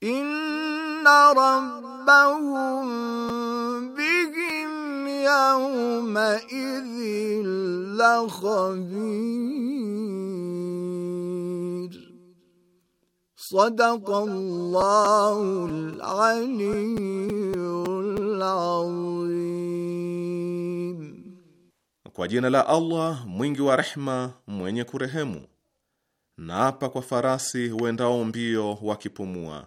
inna rabbahum bihim yawma idhin lakhabir sadaqallahu al-aliyyul azim kwa jina la Allah mwingi wa rehma mwenye kurehemu naapa kwa farasi wendao mbio wakipumua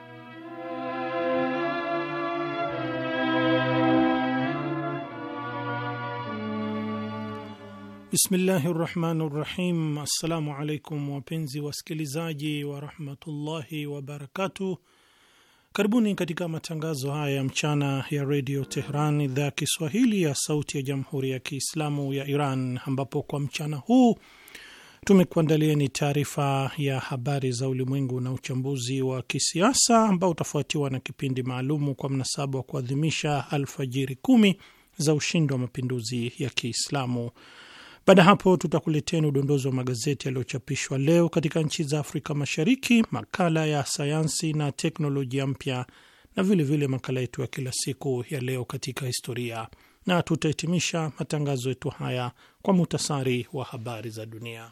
Bismillahi rrahmani rahim Assalamu alaikum wapenzi wasikilizaji warahmatullahi wabarakatuh. Karibuni katika matangazo haya ya mchana ya redio Tehran, idhaa ya Kiswahili ya sauti ya jamhuri ya Kiislamu ya Iran, ambapo kwa mchana huu ni taarifa ya habari za ulimwengu na uchambuzi wa kisiasa ambao utafuatiwa na kipindi maalumu kwa mnasaba wa kuadhimisha alfajiri kumi za ushindi wa mapinduzi ya Kiislamu. Baada ya hapo, tutakuleteni udondozi wa magazeti yaliyochapishwa leo katika nchi za Afrika Mashariki, makala ya sayansi na teknolojia mpya, na vilevile vile makala yetu ya kila siku ya leo katika historia, na tutahitimisha matangazo yetu haya kwa muhtasari wa habari za dunia.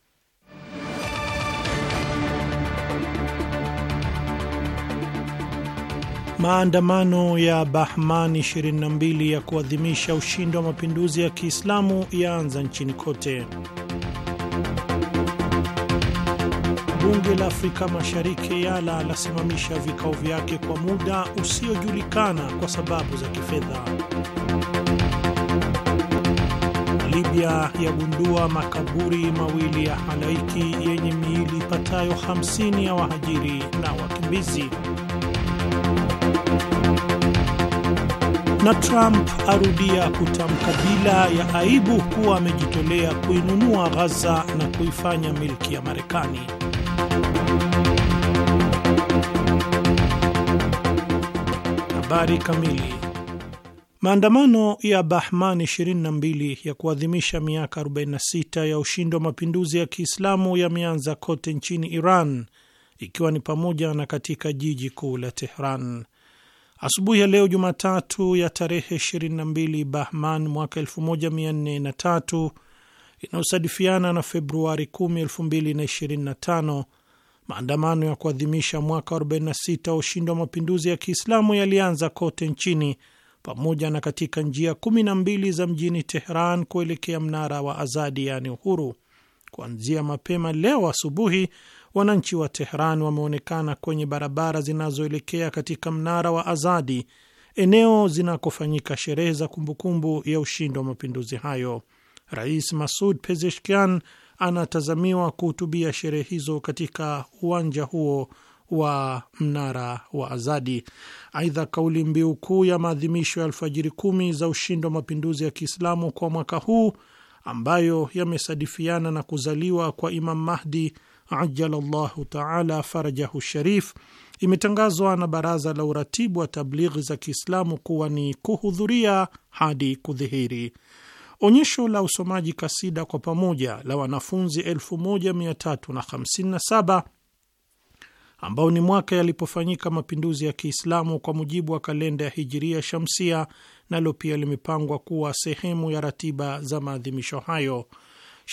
Maandamano ya Bahman 22 ya kuadhimisha ushindi wa mapinduzi ya Kiislamu yaanza nchini kote. Bunge la Afrika Mashariki yala lasimamisha vikao vyake kwa muda usiojulikana kwa sababu za kifedha. Libya yagundua makaburi mawili ya halaiki yenye miili ipatayo 50 ya wahajiri na wakimbizi. na Trump arudia kutamka bila ya aibu kuwa amejitolea kuinunua Ghaza na kuifanya milki ya Marekani. Habari kamili. Maandamano ya Bahman 22 ya kuadhimisha miaka 46 ya ushindi wa mapinduzi ya Kiislamu yameanza kote nchini Iran, ikiwa ni pamoja na katika jiji kuu la Tehran. Asubuhi ya leo Jumatatu ya tarehe 22 Bahman mwaka 1403 inayosadifiana na Februari 10, 2025, maandamano ya kuadhimisha mwaka 46 wa ushindi wa mapinduzi ya Kiislamu yalianza kote nchini pamoja na katika njia 12 za mjini Tehran kuelekea mnara wa Azadi, yaani Uhuru. Kuanzia mapema leo asubuhi wananchi wa Tehran wameonekana kwenye barabara zinazoelekea katika mnara wa Azadi, eneo zinakofanyika sherehe za kumbukumbu ya ushindi wa mapinduzi hayo. Rais Masud Pezeshkian anatazamiwa kuhutubia sherehe hizo katika uwanja huo wa mnara wa Azadi. Aidha, kauli mbiu kuu ya maadhimisho ya alfajiri kumi za ushindi wa mapinduzi ya Kiislamu kwa mwaka huu ambayo yamesadifiana na kuzaliwa kwa Imam Mahdi ajala llahu taala farajahu sharif imetangazwa na Baraza la Uratibu wa Tablighi za Kiislamu kuwa ni kuhudhuria hadi kudhihiri. Onyesho la usomaji kasida kwa pamoja la wanafunzi 1357 ambao ni mwaka yalipofanyika mapinduzi ya Kiislamu kwa mujibu wa kalenda ya Hijiria Shamsia, nalo pia limepangwa kuwa sehemu ya ratiba za maadhimisho hayo.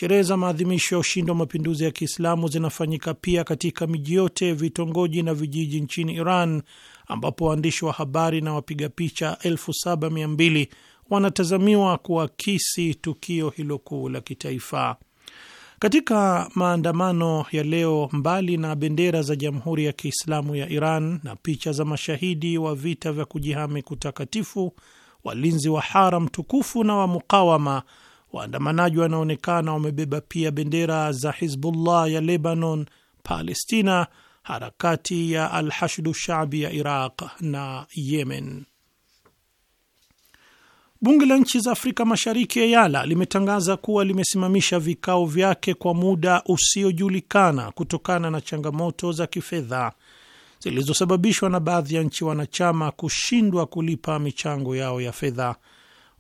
Sherehe za maadhimisho ya ushindi wa mapinduzi ya Kiislamu zinafanyika pia katika miji yote, vitongoji na vijiji nchini Iran, ambapo waandishi wa habari na wapiga picha 720 wanatazamiwa kuakisi tukio hilo kuu la kitaifa. Katika maandamano ya leo, mbali na bendera za Jamhuri ya Kiislamu ya Iran na picha za mashahidi wa vita vya kujihami kutakatifu, walinzi wa haram tukufu na wa mukawama Waandamanaji wanaonekana wamebeba pia bendera za Hizbullah ya Lebanon, Palestina, harakati ya Alhashdu Shabi ya Iraq na Yemen. Bunge la nchi za Afrika Mashariki EALA limetangaza kuwa limesimamisha vikao vyake kwa muda usiojulikana kutokana na changamoto za kifedha zilizosababishwa na baadhi ya nchi wanachama kushindwa kulipa michango yao ya fedha.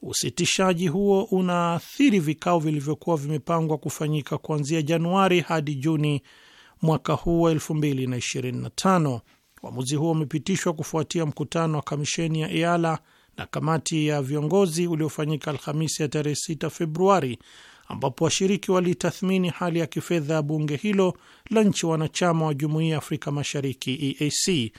Usitishaji huo unaathiri vikao vilivyokuwa vimepangwa kufanyika kuanzia Januari hadi Juni mwaka huu wa 2025. Uamuzi huo umepitishwa kufuatia mkutano wa kamisheni ya EALA na kamati ya viongozi uliofanyika Alhamisi ya tarehe 6 Februari, ambapo washiriki walitathmini hali ya kifedha ya bunge hilo la nchi wanachama wa jumuiya ya Afrika Mashariki, EAC.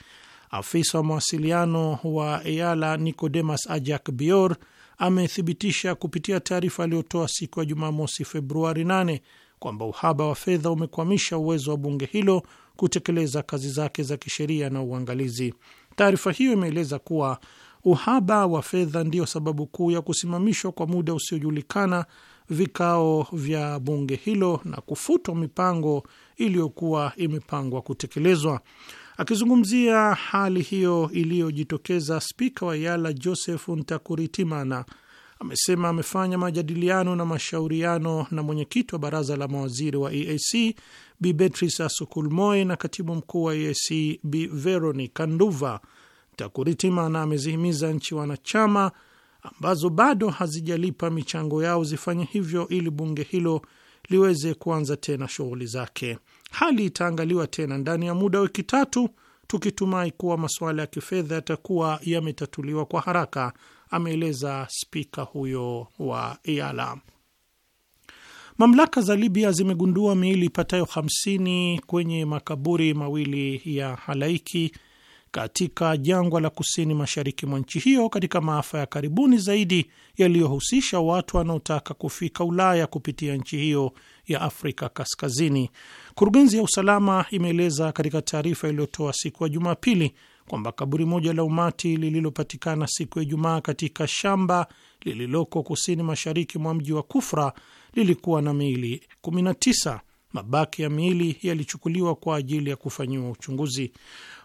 Afisa wa mawasiliano wa EALA Nicodemas Ajak Bior amethibitisha kupitia taarifa aliyotoa siku ya Jumamosi Februari 8 kwamba uhaba wa fedha umekwamisha uwezo wa bunge hilo kutekeleza kazi zake za kisheria na uangalizi. Taarifa hiyo imeeleza kuwa uhaba wa fedha ndiyo sababu kuu ya kusimamishwa kwa muda usiojulikana vikao vya bunge hilo na kufutwa mipango iliyokuwa imepangwa kutekelezwa. Akizungumzia hali hiyo iliyojitokeza, spika wa Yala Joseph Ntakuritimana amesema amefanya majadiliano na mashauriano na mwenyekiti wa baraza la mawaziri wa EAC Bi Beatrice Asukulmoe na katibu mkuu wa EAC Bi Veronica Nduva. Takuritimana amezihimiza nchi wanachama ambazo bado hazijalipa michango yao zifanye hivyo ili bunge hilo liweze kuanza tena shughuli zake. Hali itaangaliwa tena ndani ya muda wiki tatu, tukitumai kuwa masuala ya kifedha yatakuwa yametatuliwa kwa haraka, ameeleza spika huyo wa IALA. Mamlaka za Libya zimegundua miili ipatayo 50 kwenye makaburi mawili ya halaiki katika jangwa la kusini mashariki mwa nchi hiyo katika maafa ya karibuni zaidi yaliyohusisha watu wanaotaka kufika Ulaya kupitia nchi hiyo ya Afrika Kaskazini. Kurugenzi ya usalama imeeleza katika taarifa iliyotoa siku ya Jumapili kwamba kaburi moja la umati lililopatikana siku ya Ijumaa katika shamba lililoko kusini mashariki mwa mji wa Kufra lilikuwa na miili 19 Mabaki ya miili yalichukuliwa kwa ajili ya kufanyiwa uchunguzi.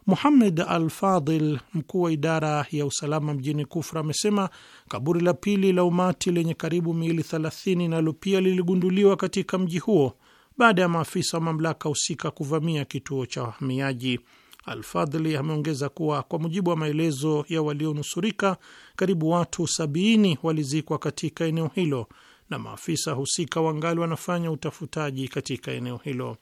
Muhamed Al Fadil, mkuu wa idara ya usalama mjini Kufra, amesema kaburi la pili la umati lenye karibu miili 30 nalo pia liligunduliwa katika mji huo baada ya maafisa wa mamlaka husika kuvamia kituo cha wahamiaji. Alfadhli ameongeza kuwa kwa mujibu wa maelezo ya walionusurika, karibu watu 70 walizikwa katika eneo hilo na maafisa husika wangali wanafanya utafutaji katika eneo hilo.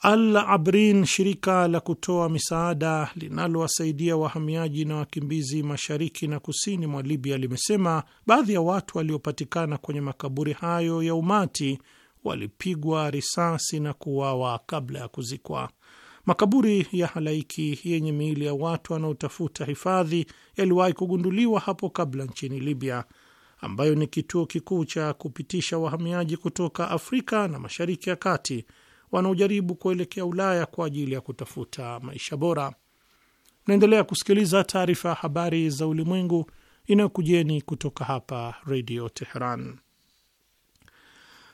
Al Abrin, shirika la kutoa misaada linalowasaidia wahamiaji na wakimbizi mashariki na kusini mwa Libya, limesema baadhi ya watu waliopatikana kwenye makaburi hayo ya umati walipigwa risasi na kuuawa kabla ya kuzikwa. Makaburi ya halaiki yenye miili ya watu wanaotafuta hifadhi yaliwahi kugunduliwa hapo kabla nchini Libya ambayo ni kituo kikuu cha kupitisha wahamiaji kutoka Afrika na Mashariki ya Kati wanaojaribu kuelekea Ulaya kwa ajili ya kutafuta maisha bora. Naendelea kusikiliza taarifa ya habari za ulimwengu inayokujeni kutoka hapa Redio Teheran.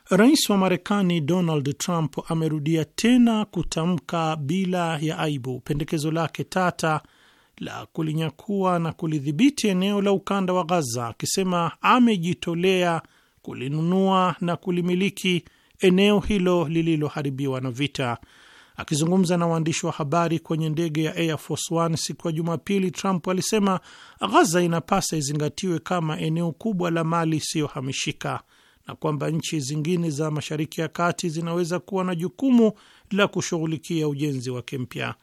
Rais wa Marekani Donald Trump amerudia tena kutamka bila ya aibu pendekezo lake tata la kulinyakua na kulidhibiti eneo la ukanda wa Ghaza, akisema amejitolea kulinunua na kulimiliki eneo hilo lililoharibiwa na vita. Akizungumza na waandishi wa habari kwenye ndege ya Air Force One siku ya Jumapili, Trump alisema Ghaza inapasa izingatiwe kama eneo kubwa la mali isiyohamishika na kwamba nchi zingine za Mashariki ya Kati zinaweza kuwa na jukumu la kushughulikia ujenzi wake mpya.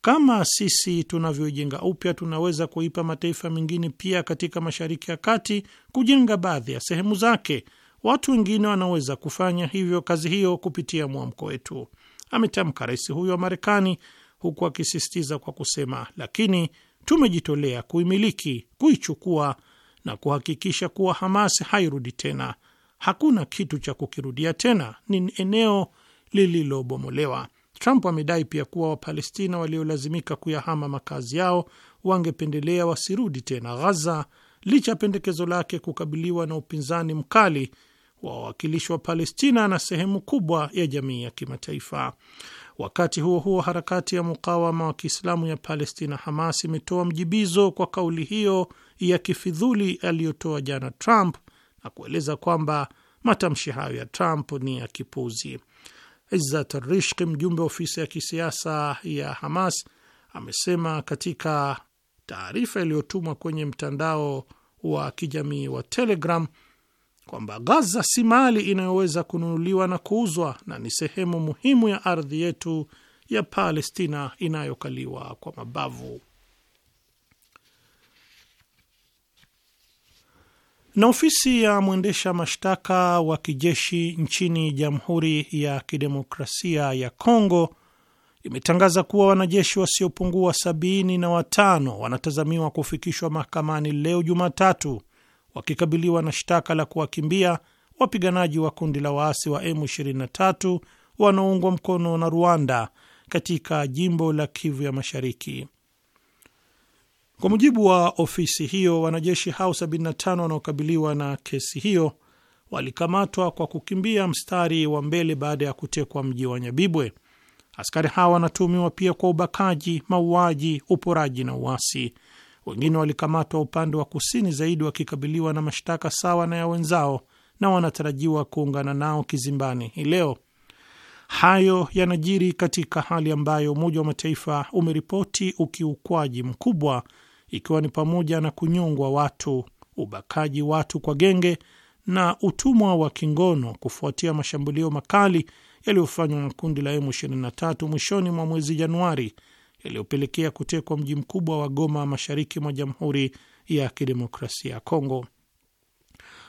Kama sisi tunavyoijenga upya, tunaweza kuipa mataifa mengine pia katika Mashariki ya Kati kujenga baadhi ya sehemu zake. Watu wengine wanaweza kufanya hivyo kazi hiyo kupitia mwamko wetu, ametamka rais huyo wa Marekani, huku akisisitiza kwa kusema, lakini tumejitolea kuimiliki, kuichukua na kuhakikisha kuwa Hamas hairudi tena. Hakuna kitu cha kukirudia tena, ni eneo lililobomolewa. Trump amedai pia kuwa Wapalestina waliolazimika kuyahama makazi yao wangependelea wasirudi tena Ghaza, licha ya pendekezo lake kukabiliwa na upinzani mkali wa wawakilishi wa Palestina na sehemu kubwa ya jamii ya kimataifa. Wakati huo huo, harakati ya mukawama wa Kiislamu ya Palestina, Hamas, imetoa mjibizo kwa kauli hiyo ya kifidhuli aliyotoa jana Trump na kueleza kwamba matamshi hayo ya Trump ni ya kipuzi. Izzat Rishki, mjumbe wa ofisi ya kisiasa ya Hamas, amesema katika taarifa iliyotumwa kwenye mtandao wa kijamii wa Telegram kwamba Gaza si mali inayoweza kununuliwa na kuuzwa na ni sehemu muhimu ya ardhi yetu ya Palestina inayokaliwa kwa mabavu. Na ofisi ya mwendesha mashtaka wa kijeshi nchini Jamhuri ya Kidemokrasia ya Kongo imetangaza kuwa wanajeshi wasiopungua sabini na watano wanatazamiwa kufikishwa mahakamani leo Jumatatu wakikabiliwa na shtaka la kuwakimbia wapiganaji wa kundi la waasi wa M23 wanaoungwa mkono na Rwanda katika jimbo la Kivu ya Mashariki. Kwa mujibu wa ofisi hiyo, wanajeshi hao 75 wanaokabiliwa na kesi hiyo walikamatwa kwa kukimbia mstari wa mbele baada ya kutekwa mji wa Nyabibwe. Askari hawa wanatuhumiwa pia kwa ubakaji, mauaji, uporaji na uasi. Wengine walikamatwa upande wa kusini zaidi wakikabiliwa na mashtaka sawa na ya wenzao na wanatarajiwa kuungana nao kizimbani hii leo. Hayo yanajiri katika hali ambayo Umoja wa Mataifa umeripoti ukiukwaji mkubwa ikiwa ni pamoja na kunyongwa watu, ubakaji watu kwa genge na utumwa wa kingono kufuatia mashambulio makali yaliyofanywa na kundi la M23 mwishoni mwa mwezi Januari yaliyopelekea kutekwa mji mkubwa wa Goma mashariki mwa Jamhuri ya Kidemokrasia ya Kongo.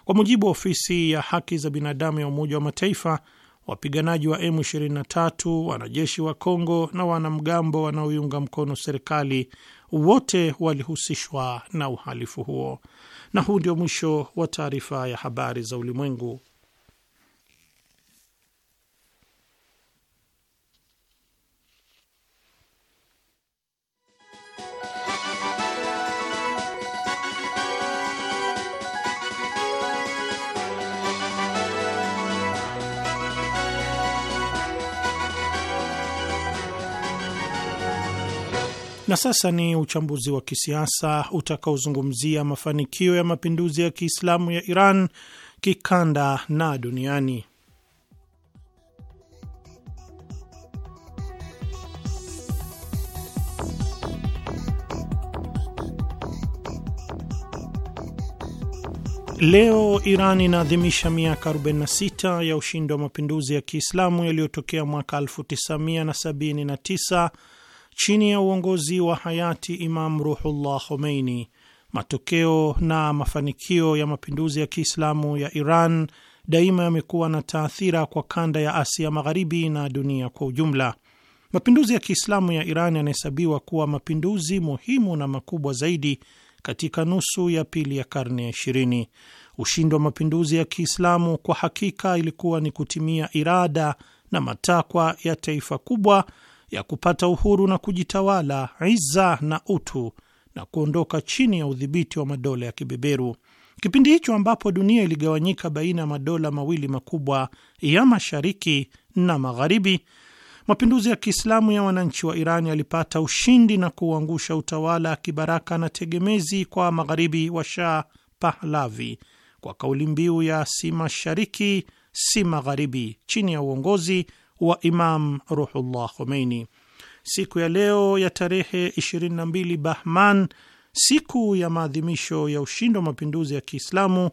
Kwa mujibu wa ofisi ya haki za binadamu ya Umoja wa Mataifa, wapiganaji wa M23, wanajeshi wa Kongo na wanamgambo wanaoiunga mkono serikali wote walihusishwa na uhalifu huo. Na huu ndio mwisho wa taarifa ya habari za ulimwengu. Na sasa ni uchambuzi wa kisiasa utakaozungumzia mafanikio ya mapinduzi ya Kiislamu ya Iran kikanda na duniani. Leo Iran inaadhimisha miaka 46 ya ushindi wa mapinduzi ya Kiislamu yaliyotokea mwaka 1979 chini ya uongozi wa hayati Imam Ruhullah Khomeini, matokeo na mafanikio ya mapinduzi ya Kiislamu ya Iran daima yamekuwa na taathira kwa kanda ya Asia Magharibi na dunia kwa ujumla. Mapinduzi ya Kiislamu ya Iran yanahesabiwa kuwa mapinduzi muhimu na makubwa zaidi katika nusu ya pili ya karne ya ishirini. Ushindi wa mapinduzi ya Kiislamu kwa hakika ilikuwa ni kutimia irada na matakwa ya taifa kubwa ya kupata uhuru na kujitawala, iza na utu na kuondoka chini ya udhibiti wa madola ya kibeberu. Kipindi hicho ambapo dunia iligawanyika baina ya madola mawili makubwa ya mashariki na magharibi, mapinduzi ya Kiislamu ya wananchi wa Iran yalipata ushindi na kuuangusha utawala kibaraka na tegemezi kwa magharibi wa Shah Pahlavi kwa kauli mbiu ya si mashariki si magharibi, chini ya uongozi wa Imam Ruhullah Khomeini. Siku ya leo ya tarehe 22 Bahman, siku ya maadhimisho ya ushindi wa mapinduzi ya Kiislamu,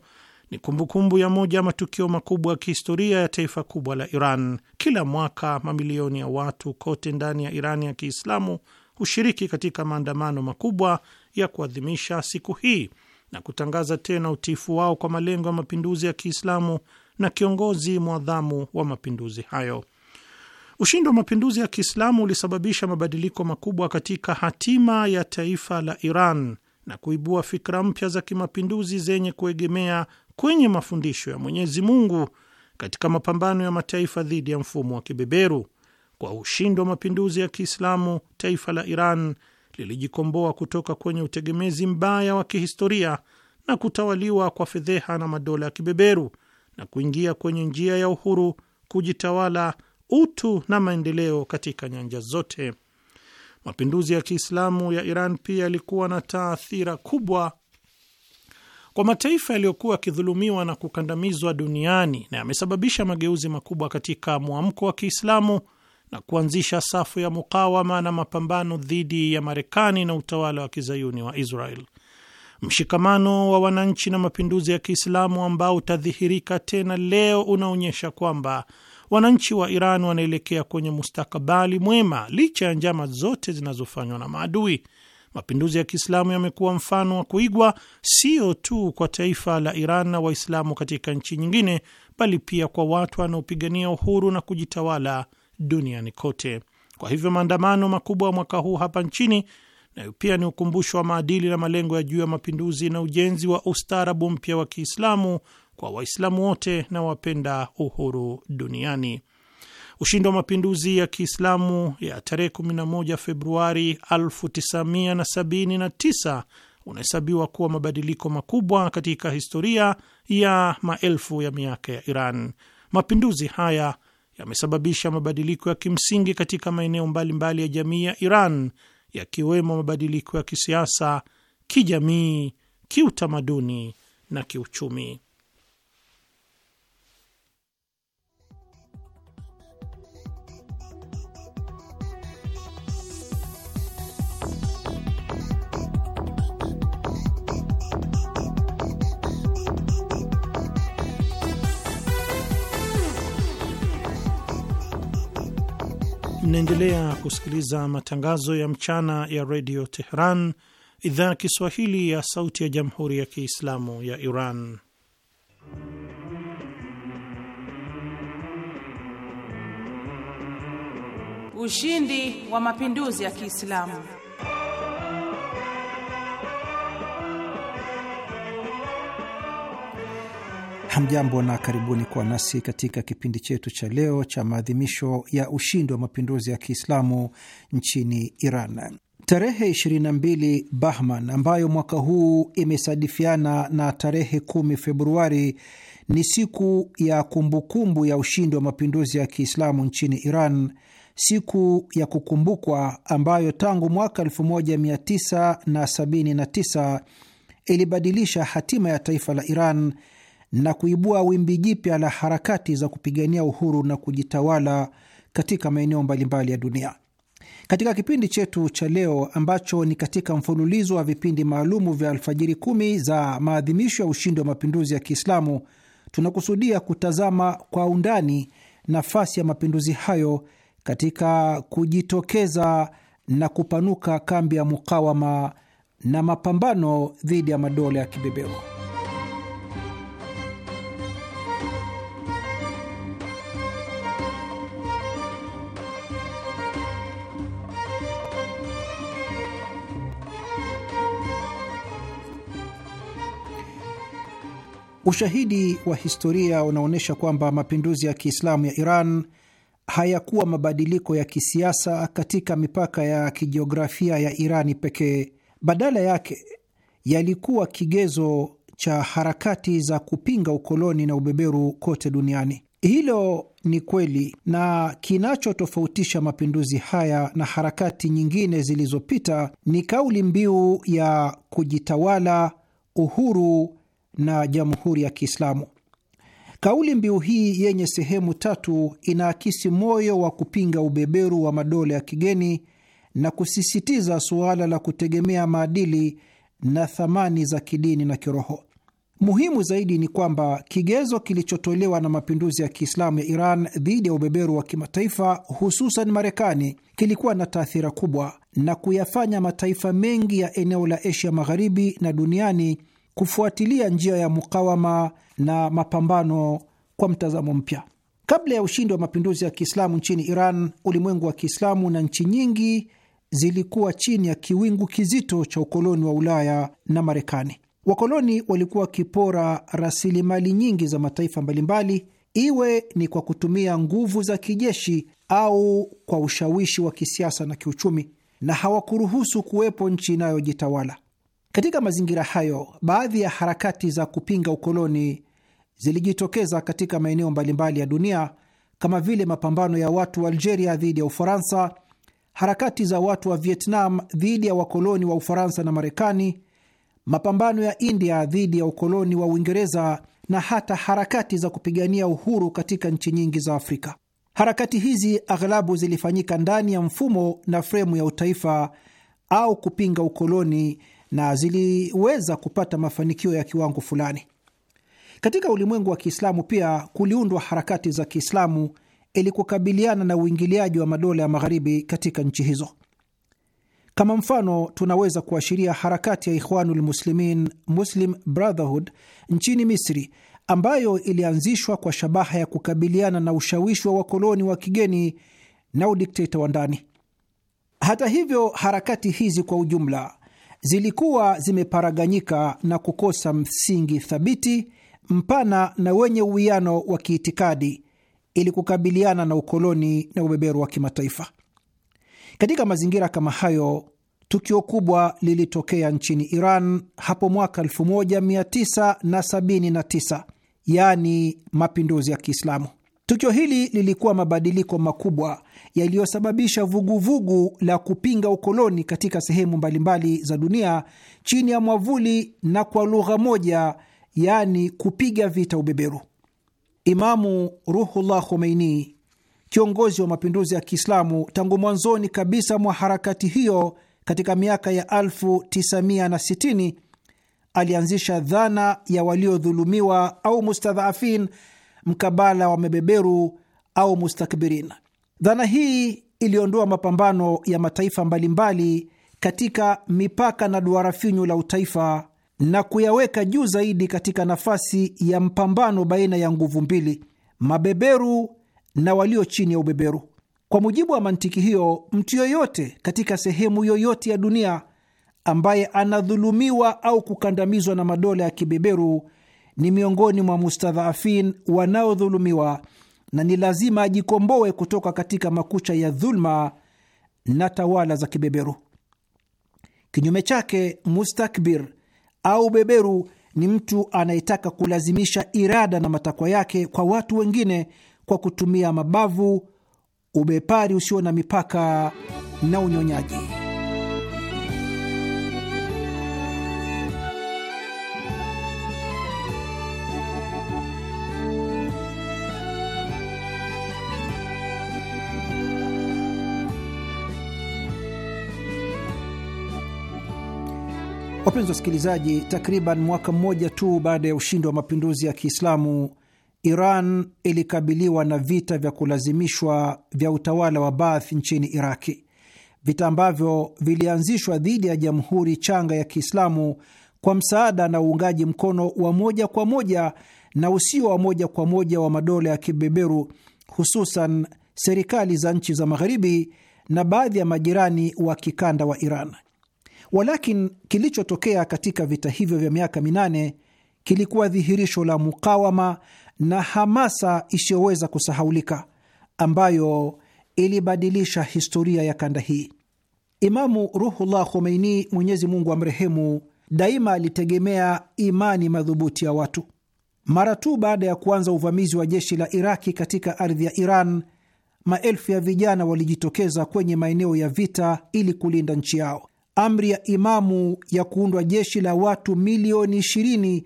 ni kumbukumbu ya moja ya matukio makubwa ya kihistoria ya taifa kubwa la Iran. Kila mwaka mamilioni ya watu kote ndani ya Iran ya Kiislamu hushiriki katika maandamano makubwa ya kuadhimisha siku hii na kutangaza tena utiifu wao kwa malengo ya mapinduzi ya Kiislamu na kiongozi mwadhamu wa mapinduzi hayo. Ushindi wa mapinduzi ya Kiislamu ulisababisha mabadiliko makubwa katika hatima ya taifa la Iran na kuibua fikra mpya za kimapinduzi zenye kuegemea kwenye mafundisho ya Mwenyezi Mungu katika mapambano ya mataifa dhidi ya mfumo wa kibeberu. Kwa ushindi wa mapinduzi ya Kiislamu, taifa la Iran lilijikomboa kutoka kwenye utegemezi mbaya wa kihistoria na kutawaliwa kwa fedheha na madola ya kibeberu na kuingia kwenye njia ya uhuru, kujitawala utu na maendeleo katika nyanja zote. Mapinduzi ya Kiislamu ya Iran pia yalikuwa na taathira kubwa kwa mataifa yaliyokuwa yakidhulumiwa na kukandamizwa duniani na yamesababisha mageuzi makubwa katika mwamko wa Kiislamu na kuanzisha safu ya mukawama na mapambano dhidi ya Marekani na utawala wa kizayuni wa Israel. Mshikamano wa wananchi na mapinduzi ya Kiislamu ambao utadhihirika tena leo unaonyesha kwamba wananchi wa Iran wanaelekea kwenye mustakabali mwema licha ya njama zote zinazofanywa na maadui. Mapinduzi ya Kiislamu yamekuwa mfano wa kuigwa sio tu kwa taifa la Iran na Waislamu katika nchi nyingine, bali pia kwa watu wanaopigania uhuru na kujitawala duniani kote. Kwa hivyo maandamano makubwa ya mwaka huu hapa nchini nayo pia ni ukumbusho wa maadili na malengo ya juu ya mapinduzi na ujenzi wa ustaarabu mpya wa Kiislamu kwa Waislamu wote na wapenda uhuru duniani. Ushindi wa mapinduzi ya Kiislamu ya tarehe 11 Februari 1979 unahesabiwa kuwa mabadiliko makubwa katika historia ya maelfu ya miaka ya Iran. Mapinduzi haya yamesababisha mabadiliko ya kimsingi katika maeneo mbalimbali ya jamii ya Iran, yakiwemo mabadiliko ya kisiasa, kijamii, kiutamaduni na kiuchumi. Mnaendelea kusikiliza matangazo ya mchana ya redio Tehran, idhaa ya Kiswahili ya sauti ya jamhuri ya Kiislamu ya Iran. Ushindi wa mapinduzi ya Kiislamu. Hamjambo na karibuni kwa nasi katika kipindi chetu cha leo cha maadhimisho ya ushindi wa mapinduzi ya Kiislamu nchini Iran. Tarehe 22 Bahman ambayo mwaka huu imesadifiana na tarehe 10 Februari ni siku ya kumbukumbu ya ushindi wa mapinduzi ya Kiislamu nchini Iran, siku ya kukumbukwa ambayo tangu mwaka 1979 ilibadilisha hatima ya taifa la Iran na kuibua wimbi jipya la harakati za kupigania uhuru na kujitawala katika maeneo mbalimbali ya dunia. Katika kipindi chetu cha leo ambacho ni katika mfululizo wa vipindi maalumu vya Alfajiri Kumi za maadhimisho ya ushindi wa mapinduzi ya Kiislamu, tunakusudia kutazama kwa undani nafasi ya mapinduzi hayo katika kujitokeza na kupanuka kambi ya mukawama na mapambano dhidi ya madola ya kibebeo. Ushahidi wa historia unaonyesha kwamba mapinduzi ya Kiislamu ya Iran hayakuwa mabadiliko ya kisiasa katika mipaka ya kijiografia ya Irani pekee. Badala yake, yalikuwa kigezo cha harakati za kupinga ukoloni na ubeberu kote duniani. Hilo ni kweli, na kinachotofautisha mapinduzi haya na harakati nyingine zilizopita ni kauli mbiu ya kujitawala, uhuru na Jamhuri ya Kiislamu. Kauli mbiu hii yenye sehemu tatu inaakisi moyo wa kupinga ubeberu wa madola ya kigeni na kusisitiza suala la kutegemea maadili na thamani za kidini na kiroho. Muhimu zaidi ni kwamba kigezo kilichotolewa na mapinduzi ya Kiislamu ya Iran dhidi ya ubeberu wa kimataifa, hususan Marekani, kilikuwa na taathira kubwa na kuyafanya mataifa mengi ya eneo la Asia Magharibi na duniani kufuatilia njia ya mukawama na mapambano kwa mtazamo mpya. Kabla ya ushindi wa mapinduzi ya Kiislamu nchini Iran, ulimwengu wa Kiislamu na nchi nyingi zilikuwa chini ya kiwingu kizito cha ukoloni wa Ulaya na Marekani. Wakoloni walikuwa wakipora rasilimali nyingi za mataifa mbalimbali, iwe ni kwa kutumia nguvu za kijeshi au kwa ushawishi wa kisiasa na kiuchumi, na hawakuruhusu kuwepo nchi inayojitawala. Katika mazingira hayo, baadhi ya harakati za kupinga ukoloni zilijitokeza katika maeneo mbalimbali ya dunia kama vile mapambano ya watu wa Algeria dhidi ya Ufaransa, harakati za watu wa Vietnam dhidi ya wakoloni wa Ufaransa na Marekani, mapambano ya India dhidi ya ukoloni wa Uingereza na hata harakati za kupigania uhuru katika nchi nyingi za Afrika. Harakati hizi aghalabu zilifanyika ndani ya mfumo na fremu ya utaifa au kupinga ukoloni na ziliweza kupata mafanikio ya kiwango fulani. Katika ulimwengu wa Kiislamu pia kuliundwa harakati za Kiislamu ili kukabiliana na uingiliaji wa madola ya magharibi katika nchi hizo. Kama mfano tunaweza kuashiria harakati ya Ikhwanul Muslimin, Muslim Brotherhood nchini Misri, ambayo ilianzishwa kwa shabaha ya kukabiliana na ushawishi wa wakoloni wa kigeni na udikteta wa ndani. Hata hivyo, harakati hizi kwa ujumla zilikuwa zimeparaganyika na kukosa msingi thabiti, mpana na wenye uwiano wa kiitikadi ili kukabiliana na ukoloni na ubeberu wa kimataifa. Katika mazingira kama hayo, tukio kubwa lilitokea nchini Iran hapo mwaka 1979 yaani mapinduzi ya Kiislamu. Tukio hili lilikuwa mabadiliko makubwa yaliyosababisha vuguvugu la kupinga ukoloni katika sehemu mbalimbali za dunia chini ya mwavuli na kwa lugha moja, yaani kupiga vita ubeberu. Imamu Ruhullah Khomeini, kiongozi wa mapinduzi ya Kiislamu, tangu mwanzoni kabisa mwa harakati hiyo katika miaka ya 1960 alianzisha dhana ya waliodhulumiwa au mustadhaafin mkabala wa mabeberu au mustakbirin. Dhana hii iliondoa mapambano ya mataifa mbalimbali katika mipaka na duara finyu la utaifa na kuyaweka juu zaidi katika nafasi ya mpambano baina ya nguvu mbili, mabeberu na walio chini ya ubeberu. Kwa mujibu wa mantiki hiyo, mtu yoyote katika sehemu yoyote ya dunia ambaye anadhulumiwa au kukandamizwa na madola ya kibeberu ni miongoni mwa mustadhaafin wanaodhulumiwa na ni lazima ajikomboe kutoka katika makucha ya dhulma na tawala za kibeberu. Kinyume chake, mustakbir au beberu ni mtu anayetaka kulazimisha irada na matakwa yake kwa watu wengine kwa kutumia mabavu, ubepari usio na mipaka na unyonyaji. Wapenzi wasikilizaji, takriban mwaka mmoja tu baada ya ushindi wa mapinduzi ya Kiislamu, Iran ilikabiliwa na vita vya kulazimishwa vya utawala wa Baath nchini Iraki, vita ambavyo vilianzishwa dhidi ya jamhuri changa ya Kiislamu kwa msaada na uungaji mkono wa moja kwa moja na usio wa moja kwa moja wa madola ya kibeberu, hususan serikali za nchi za Magharibi na baadhi ya majirani wa kikanda wa Iran. Walakin kilichotokea katika vita hivyo vya miaka minane kilikuwa dhihirisho la mukawama na hamasa isiyoweza kusahaulika ambayo ilibadilisha historia ya kanda hii. Imamu Ruhullah Khomeini, Mwenyezi Mungu amrehemu, daima alitegemea imani madhubuti ya watu. Mara tu baada ya kuanza uvamizi wa jeshi la Iraki katika ardhi ya Iran, maelfu ya vijana walijitokeza kwenye maeneo ya vita ili kulinda nchi yao amri ya Imamu ya kuundwa jeshi la watu milioni 20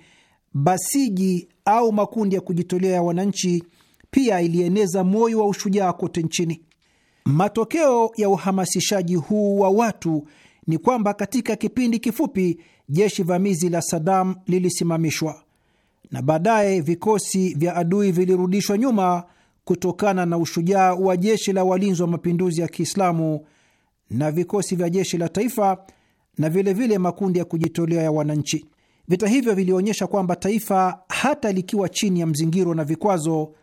basiji au makundi ya kujitolea ya wananchi pia ilieneza moyo wa ushujaa kote nchini. Matokeo ya uhamasishaji huu wa watu ni kwamba katika kipindi kifupi jeshi vamizi la sadam lilisimamishwa na baadaye vikosi vya adui vilirudishwa nyuma kutokana na ushujaa wa jeshi la walinzi wa mapinduzi ya Kiislamu na vikosi vya jeshi la taifa na vilevile vile makundi ya kujitolea ya wananchi. Vita hivyo vilionyesha kwamba taifa hata likiwa chini ya mzingiro na vikwazo,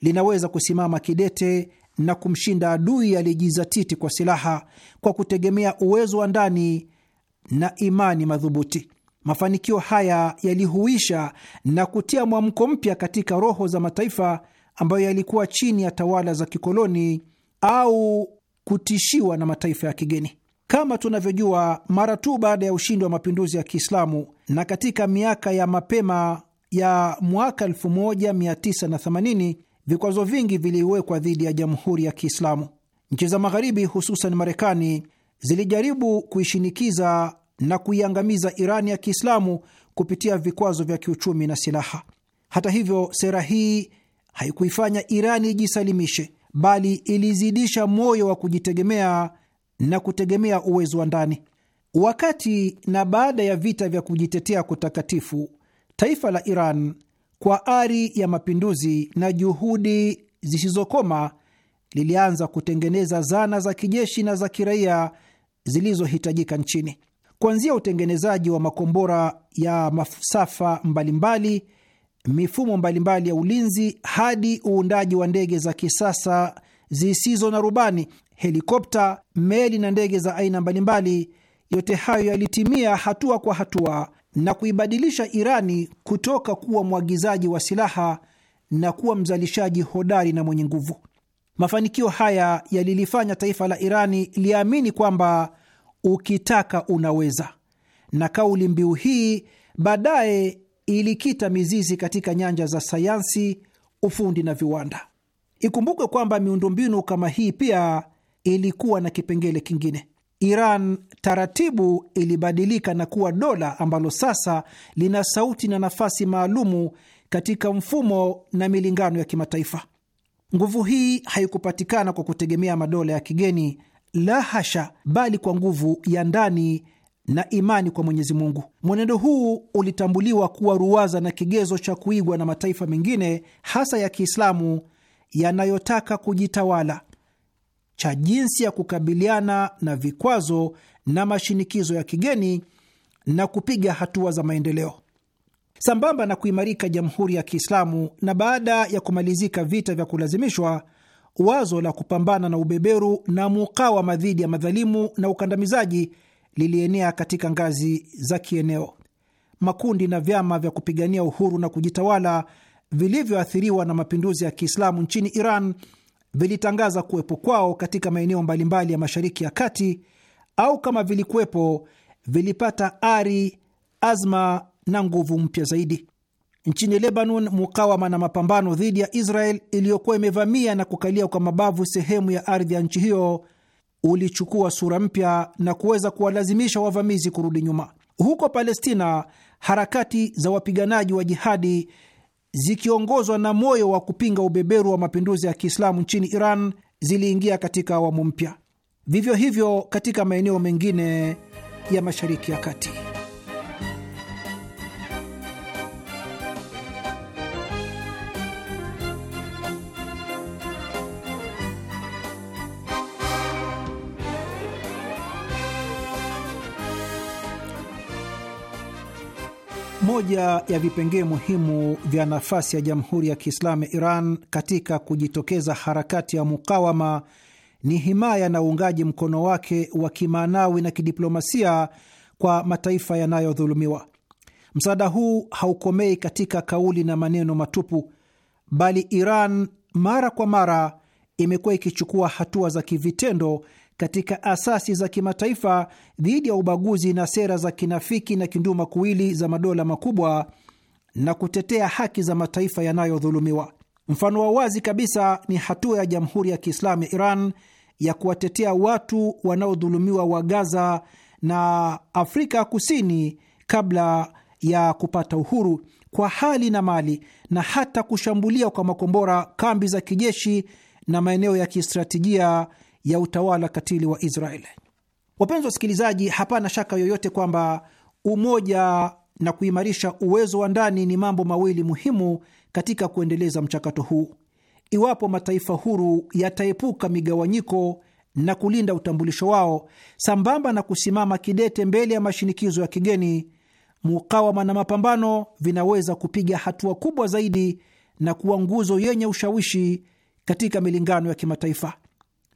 linaweza kusimama kidete na kumshinda adui aliyejizatiti kwa silaha kwa kutegemea uwezo wa ndani na imani madhubuti. Mafanikio haya yalihuisha na kutia mwamko mpya katika roho za mataifa ambayo yalikuwa chini ya tawala za kikoloni au kutishiwa na mataifa ya kigeni. Kama tunavyojua, mara tu baada ya ushindi wa mapinduzi ya Kiislamu na katika miaka ya mapema ya mwaka 1980 vikwazo vingi viliwekwa dhidi ya jamhuri ya Kiislamu. Nchi za Magharibi, hususan Marekani, zilijaribu kuishinikiza na kuiangamiza Irani ya Kiislamu kupitia vikwazo vya kiuchumi na silaha. Hata hivyo, sera hii haikuifanya Irani ijisalimishe, bali ilizidisha moyo wa kujitegemea na kutegemea uwezo wa ndani. Wakati na baada ya vita vya kujitetea kutakatifu, taifa la Iran kwa ari ya mapinduzi na juhudi zisizokoma lilianza kutengeneza zana za kijeshi na za kiraia zilizohitajika nchini, kuanzia utengenezaji wa makombora ya masafa mbalimbali mifumo mbalimbali ya ulinzi hadi uundaji wa ndege za kisasa zisizo na rubani, helikopta, meli na ndege za aina mbalimbali. Yote hayo yalitimia hatua kwa hatua na kuibadilisha Irani kutoka kuwa mwagizaji wa silaha na kuwa mzalishaji hodari na mwenye nguvu. Mafanikio haya yalilifanya taifa la Irani liamini kwamba ukitaka unaweza, na kauli mbiu hii baadaye ilikita mizizi katika nyanja za sayansi, ufundi na viwanda. Ikumbukwe kwamba miundombinu kama hii pia ilikuwa na kipengele kingine. Iran taratibu ilibadilika na kuwa dola ambalo sasa lina sauti na nafasi maalumu katika mfumo na milingano ya kimataifa. Nguvu hii haikupatikana kwa kutegemea madola ya kigeni, la hasha, bali kwa nguvu ya ndani na imani kwa Mwenyezi Mungu. Mwenendo huu ulitambuliwa kuwa ruwaza na kigezo cha kuigwa na mataifa mengine hasa ya Kiislamu yanayotaka kujitawala, cha jinsi ya kukabiliana na vikwazo na mashinikizo ya kigeni na kupiga hatua za maendeleo. Sambamba na kuimarika Jamhuri ya Kiislamu na baada ya kumalizika vita vya kulazimishwa, wazo la kupambana na ubeberu na mukawama dhidi ya madhalimu na ukandamizaji lilienea katika ngazi za kieneo. Makundi na vyama vya kupigania uhuru na kujitawala vilivyoathiriwa na mapinduzi ya Kiislamu nchini Iran vilitangaza kuwepo kwao katika maeneo mbalimbali ya Mashariki ya Kati, au kama vilikuwepo, vilipata ari, azma na nguvu mpya zaidi. Nchini Lebanon, mukawama na mapambano dhidi ya Israel iliyokuwa imevamia na kukalia kwa mabavu sehemu ya ardhi ya nchi hiyo ulichukua sura mpya na kuweza kuwalazimisha wavamizi kurudi nyuma. Huko Palestina, harakati za wapiganaji wa jihadi zikiongozwa na moyo wa kupinga ubeberu wa mapinduzi ya Kiislamu nchini Iran ziliingia katika awamu mpya. Vivyo hivyo katika maeneo mengine ya Mashariki ya Kati. moja ya vipengee muhimu vya nafasi ya Jamhuri ya Kiislamu ya Iran katika kujitokeza harakati ya mukawama ni himaya na uungaji mkono wake wa kimaanawi na kidiplomasia kwa mataifa yanayodhulumiwa. Msaada huu haukomei katika kauli na maneno matupu, bali Iran mara kwa mara imekuwa ikichukua hatua za kivitendo katika asasi za kimataifa dhidi ya ubaguzi na sera za kinafiki na kinduma kuwili za madola makubwa na kutetea haki za mataifa yanayodhulumiwa. Mfano wa wazi kabisa ni hatua ya Jamhuri ya Kiislamu ya Iran ya kuwatetea watu wanaodhulumiwa wa Gaza na Afrika Kusini kabla ya kupata uhuru kwa hali na mali, na hata kushambulia kwa makombora kambi za kijeshi na maeneo ya kistratejia ya utawala katili wa Israel. Wapenzi wasikilizaji, hapana shaka yoyote kwamba umoja na kuimarisha uwezo wa ndani ni mambo mawili muhimu katika kuendeleza mchakato huu. Iwapo mataifa huru yataepuka migawanyiko na kulinda utambulisho wao sambamba na kusimama kidete mbele ya mashinikizo ya kigeni, mukawama na mapambano vinaweza kupiga hatua kubwa zaidi na kuwa nguzo yenye ushawishi katika milingano ya kimataifa.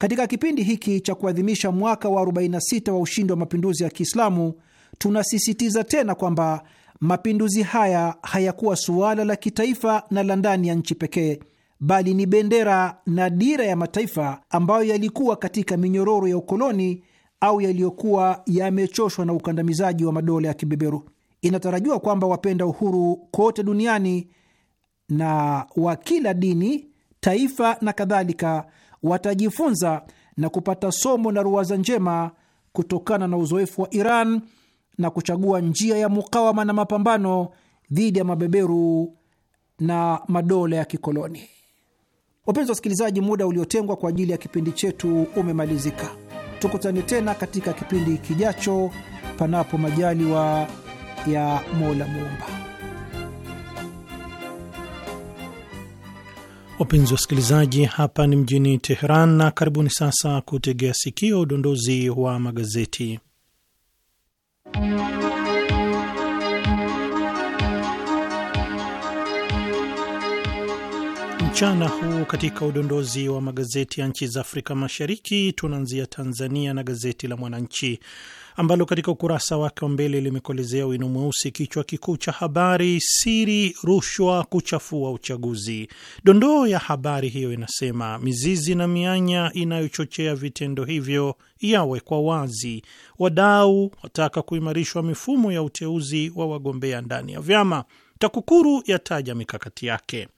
Katika kipindi hiki cha kuadhimisha mwaka wa 46 wa ushindi wa mapinduzi ya Kiislamu, tunasisitiza tena kwamba mapinduzi haya hayakuwa suala la kitaifa na la ndani ya nchi pekee, bali ni bendera na dira ya mataifa ambayo yalikuwa katika minyororo ya ukoloni au yaliyokuwa yamechoshwa na ukandamizaji wa madola ya kibeberu. Inatarajiwa kwamba wapenda uhuru kote duniani na wa kila dini, taifa na kadhalika watajifunza na kupata somo na ruwaza njema kutokana na uzoefu wa Iran na kuchagua njia ya mukawama na mapambano dhidi ya mabeberu na madola ya kikoloni. Wapenzi wasikilizaji, muda uliotengwa kwa ajili ya kipindi chetu umemalizika. Tukutane tena katika kipindi kijacho, panapo majaliwa ya Mola Muumba. Wapenzi wasikilizaji, hapa ni mjini Teheran na karibuni sasa kutegea sikio udondozi wa magazeti. Mchana huu katika udondozi wa magazeti ya nchi za Afrika Mashariki tunaanzia Tanzania na gazeti la Mwananchi ambalo katika ukurasa wake wa mbele limekolezea wino mweusi kichwa kikuu cha habari, siri rushwa kuchafua uchaguzi. Dondoo ya habari hiyo inasema mizizi na mianya inayochochea vitendo hivyo yawe kwa wazi, wadau wataka kuimarishwa mifumo ya uteuzi wa wagombea ndani ya vyama, TAKUKURU yataja mikakati yake.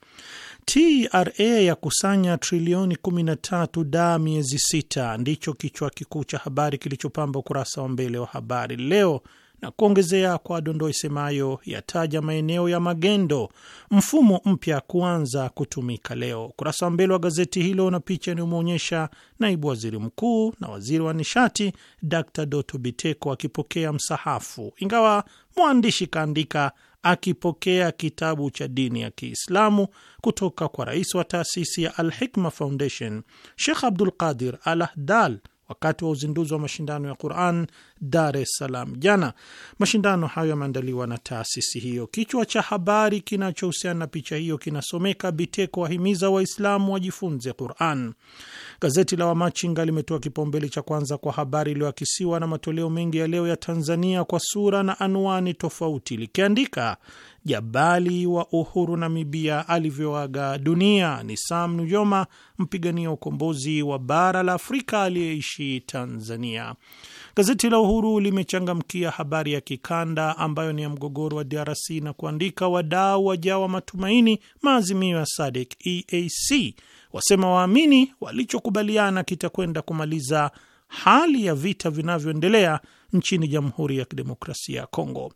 TRA ya kusanya trilioni 13 da miezi sita, ndicho kichwa kikuu cha habari kilichopamba ukurasa wa mbele wa habari leo na kuongezea kwa dondoo isemayo yataja maeneo ya magendo, mfumo mpya kuanza kutumika leo. Ukurasa wa mbele wa gazeti hilo na picha inayomwonyesha naibu waziri mkuu na waziri wa nishati Dr. Doto Biteko akipokea msahafu, ingawa mwandishi kaandika akipokea kitabu cha dini ya Kiislamu kutoka kwa rais wa taasisi ya Al Hikma Foundation Shekh Abdul Qadir Al Ahdal wakati wa uzinduzi wa mashindano ya Quran Dar es Salaam jana. Mashindano hayo yameandaliwa na taasisi hiyo. Kichwa cha habari kinachohusiana na picha hiyo kinasomeka Biteko wahimiza Waislamu wajifunze Quran. Gazeti la Wamachinga limetoa kipaumbele cha kwanza kwa habari iliyoakisiwa na matoleo mengi ya leo ya Tanzania kwa sura na anwani tofauti, likiandika jabali wa uhuru Namibia alivyoaga dunia. Ni Sam Nujoma, mpigania ukombozi wa bara la Afrika aliyeishi Tanzania. Gazeti la Uhuru limechangamkia habari ya kikanda ambayo ni ya mgogoro wa DRC na kuandika, wadau wajawa matumaini maazimio ya SADC e EAC, wasema waamini walichokubaliana kitakwenda kumaliza hali ya vita vinavyoendelea nchini Jamhuri ya Kidemokrasia ya Kongo.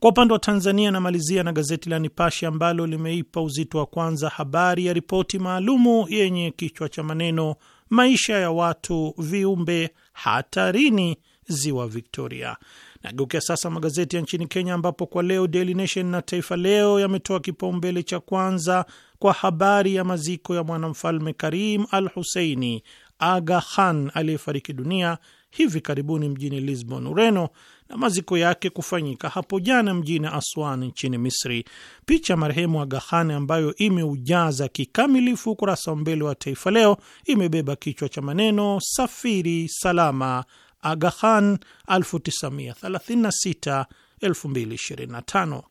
Kwa upande wa Tanzania, namalizia na gazeti la nipashi ambalo limeipa uzito wa kwanza habari ya ripoti maalumu yenye kichwa cha maneno maisha ya watu viumbe hatarini ziwa Victoria. Nageukia sasa magazeti ya nchini Kenya, ambapo kwa leo Daily Nation na Taifa Leo yametoa kipaumbele cha kwanza kwa habari ya maziko ya mwanamfalme Karim Al Huseini Aga Khan aliyefariki dunia hivi karibuni mjini Lisbon, Ureno, na maziko yake kufanyika hapo jana mjini Aswan nchini Misri. Picha marehemu Aga Khan ambayo imeujaza kikamilifu ukurasa wa mbele wa Taifa Leo imebeba kichwa cha maneno safiri salama Aga Khan 1936 2025.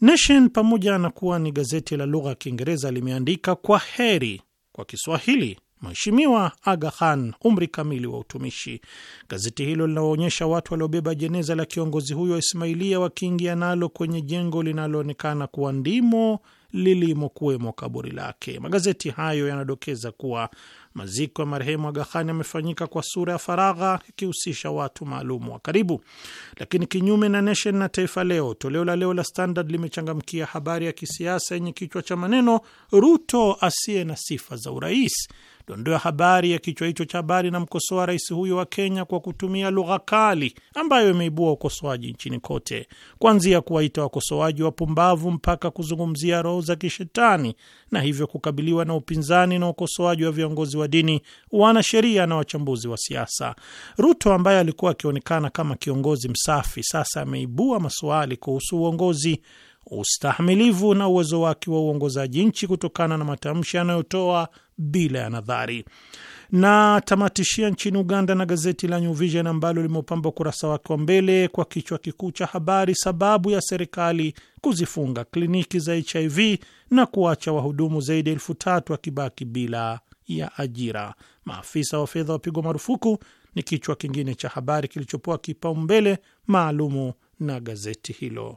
Nation pamoja na kuwa ni gazeti la lugha ya Kiingereza limeandika kwa heri kwa Kiswahili Mheshimiwa Aga Khan umri kamili wa utumishi. Gazeti hilo linawaonyesha watu waliobeba jeneza la kiongozi huyo wa Ismailia wakiingia nalo kwenye jengo linaloonekana kuwa ndimo lilimokuwemo kaburi lake. Magazeti hayo yanadokeza kuwa maziko ya marehemu Aga Khan yamefanyika kwa sura ya faragha, yakihusisha watu maalum wa karibu. Lakini kinyume na Nation na Taifa Leo, toleo la leo la Standard limechangamkia habari ya kisiasa yenye kichwa cha maneno Ruto asiye na sifa za urais dondoo ya habari ya kichwa hicho cha habari inamkosoa rais huyo wa Kenya kwa kutumia lugha kali ambayo imeibua ukosoaji nchini kote, kuanzia kuwaita wakosoaji wapumbavu mpaka kuzungumzia roho za kishetani na hivyo kukabiliwa na upinzani na ukosoaji wa viongozi wa dini, wanasheria na wachambuzi wa siasa. Ruto ambaye alikuwa akionekana kama kiongozi msafi, sasa ameibua maswali kuhusu uongozi ustahimilivu na uwezo wake wa uongozaji nchi kutokana na matamshi anayotoa bila ya nadhari. Na tamatishia nchini Uganda na gazeti la New Vision ambalo limeupamba ukurasa wake wa mbele kwa kichwa kikuu cha habari, sababu ya serikali kuzifunga kliniki za HIV na kuacha wahudumu zaidi ya elfu tatu akibaki bila ya ajira, maafisa wa fedha wapigwa marufuku ni kichwa kingine cha habari kilichopoa kipaumbele maalumu na gazeti hilo.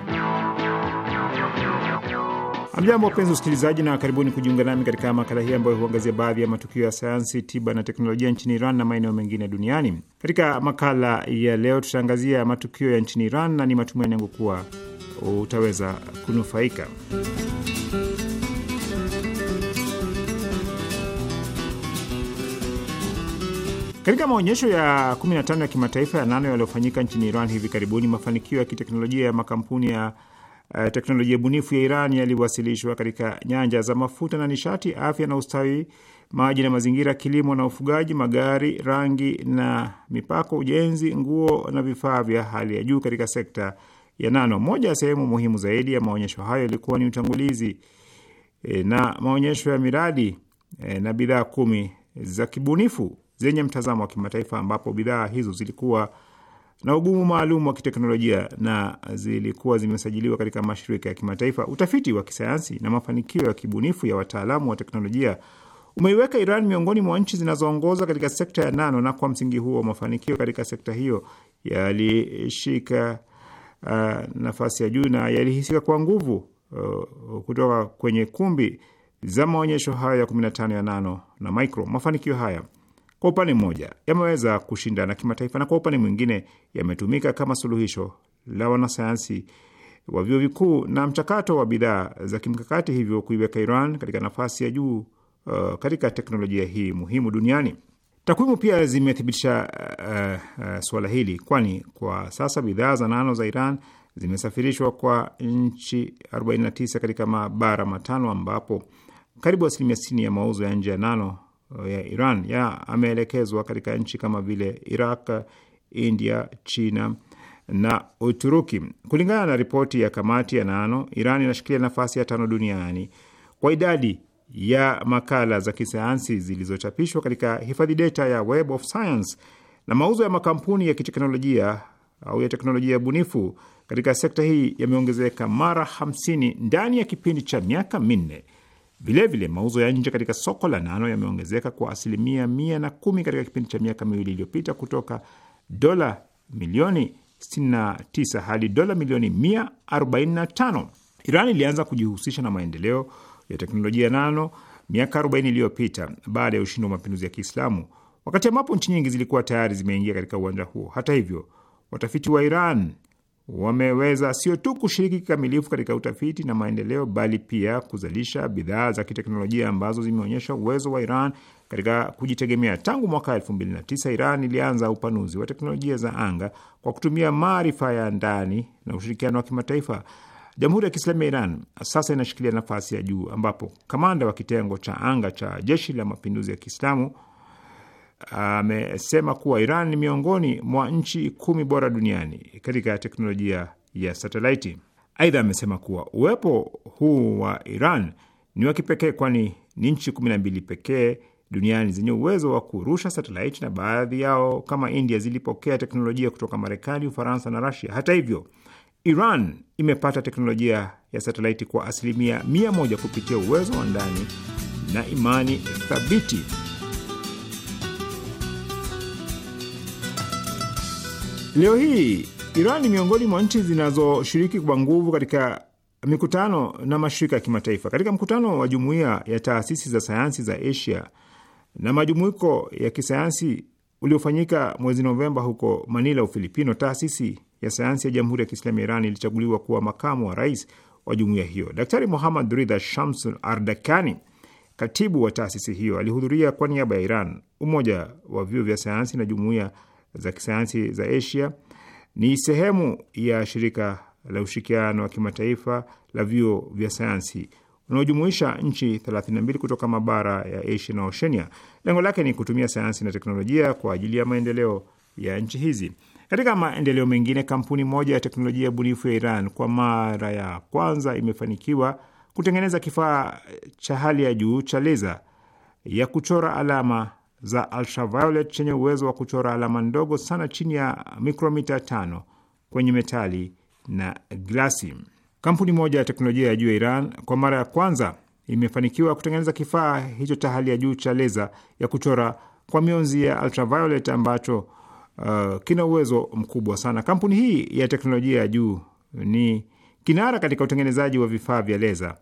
Mjambo wapenzi usikilizaji, na karibuni kujiunga nami katika makala hii ambayo huangazia baadhi ya matukio ya sayansi, tiba na teknolojia nchini Iran na maeneo mengine duniani. Katika makala ya leo, tutaangazia matukio ya nchini Iran na ni matumaini yangu kuwa utaweza kunufaika. Katika maonyesho ya 15 ya kimataifa ya nano yaliyofanyika nchini Iran hivi karibuni, mafanikio ya kiteknolojia ya makampuni ya uh, teknolojia bunifu ya Iran yaliwasilishwa katika nyanja za mafuta na nishati, afya na ustawi, maji na mazingira, kilimo na ufugaji, magari, rangi na mipako, ujenzi, nguo na vifaa vya hali ya juu katika sekta ya nano. Moja ya sehemu muhimu zaidi ya maonyesho hayo ilikuwa ni utangulizi e, na maonyesho ya miradi e, na bidhaa kumi za kibunifu zenye mtazamo wa kimataifa ambapo bidhaa hizo zilikuwa na ugumu maalum wa kiteknolojia na zilikuwa zimesajiliwa katika mashirika ya kimataifa. Utafiti wa kisayansi na mafanikio ya kibunifu ya wataalamu wa teknolojia umeiweka Iran miongoni mwa nchi zinazoongoza katika sekta ya nano, na kwa msingi huo mafanikio katika sekta hiyo yalishika uh, nafasi ya juu na yalihisika kwa nguvu uh, kutoka kwenye kumbi za maonyesho hayo ya 15 ya nano na micro. Mafanikio haya kwa upande mmoja yameweza kushindana kimataifa na kwa upande mwingine yametumika kama suluhisho la wanasayansi wa vyuo vikuu na mchakato wa bidhaa za kimkakati, hivyo kuiweka Iran katika nafasi ya juu uh, katika teknolojia hii muhimu duniani. Takwimu pia zimethibitisha uh, uh, suala hili, kwani kwa sasa bidhaa za nano za Iran zimesafirishwa kwa nchi 49 katika mabara matano ambapo karibu asilimia 60 ya mauzo ya nje ya nano Uh, ya Iran ameelekezwa katika nchi kama vile Iraq, India, China na Uturuki. Kulingana na ripoti ya kamati ya Nano, Iran inashikilia nafasi ya tano duniani kwa idadi ya makala za kisayansi zilizochapishwa katika hifadhi data ya Web of Science na mauzo ya makampuni ya kiteknolojia au ya teknolojia bunifu katika sekta hii yameongezeka mara 50 ndani ya kipindi cha miaka minne. Vilevile, mauzo ya nje katika soko la Nano yameongezeka kwa asilimia mia na kumi katika kipindi cha miaka miwili iliyopita kutoka dola milioni 69 hadi dola milioni 145. Iran ilianza kujihusisha na maendeleo ya teknolojia nano miaka 40 iliyopita baada ya ushindi wa mapinduzi ya Kiislamu, wakati ambapo nchi nyingi zilikuwa tayari zimeingia katika uwanja huo. Hata hivyo, watafiti wa Iran wameweza sio tu kushiriki kikamilifu katika utafiti na maendeleo, bali pia kuzalisha bidhaa za kiteknolojia ambazo zimeonyesha uwezo wa Iran katika kujitegemea. Tangu mwaka 2009 Iran ilianza upanuzi wa teknolojia za anga kwa kutumia maarifa ya ndani na ushirikiano wa kimataifa. Jamhuri ya Kiislamu ya Iran sasa inashikilia nafasi ya juu ambapo kamanda wa kitengo cha anga cha jeshi la mapinduzi ya Kiislamu amesema kuwa Iran ni miongoni mwa nchi kumi bora duniani katika teknolojia ya satelaiti. Aidha, amesema kuwa uwepo huu wa Iran ni wa kipekee, kwani ni nchi kumi na mbili pekee duniani zenye uwezo wa kurusha satelaiti, na baadhi yao kama India zilipokea teknolojia kutoka Marekani, Ufaransa na Rasia. Hata hivyo, Iran imepata teknolojia ya satelaiti kwa asilimia mia moja kupitia uwezo wa ndani na imani thabiti. Leo hii Iran ni miongoni mwa nchi zinazoshiriki kwa nguvu katika mikutano na mashirika ya kimataifa. Katika mkutano wa Jumuiya ya Taasisi za Sayansi za Asia na majumuiko ya kisayansi uliofanyika mwezi Novemba huko Manila, Ufilipino, taasisi ya sayansi ya Jamhuri ya Kiislamu ya Iran ilichaguliwa kuwa makamu wa rais wa jumuiya hiyo. Daktari Muhammad Ridha Shamsun Ardakani, katibu wa taasisi hiyo, alihudhuria kwa niaba ya Iran. Umoja wa vyuo vya sayansi na jumuiya za kisayansi za Asia ni sehemu ya shirika la ushirikiano wa kimataifa la vyuo vya sayansi unaojumuisha nchi 32 kutoka mabara ya Asia na Oceania. Lengo lake ni kutumia sayansi na teknolojia kwa ajili ya maendeleo ya nchi hizi. Katika maendeleo mengine, kampuni moja ya teknolojia bunifu ya Iran kwa mara ya kwanza imefanikiwa kutengeneza kifaa cha hali ya juu cha leza ya kuchora alama za ultraviolet chenye uwezo wa kuchora alama ndogo sana chini ya mikromita tano kwenye metali na glasi. Kampuni moja ya teknolojia ya juu ya Iran kwa mara ya kwanza imefanikiwa kutengeneza kifaa hicho cha hali ya juu cha leza ya kuchora kwa mionzi ya ultraviolet ambacho uh, kina uwezo mkubwa sana. Kampuni hii ya teknolojia ya juu ni kinara katika utengenezaji wa vifaa vya leza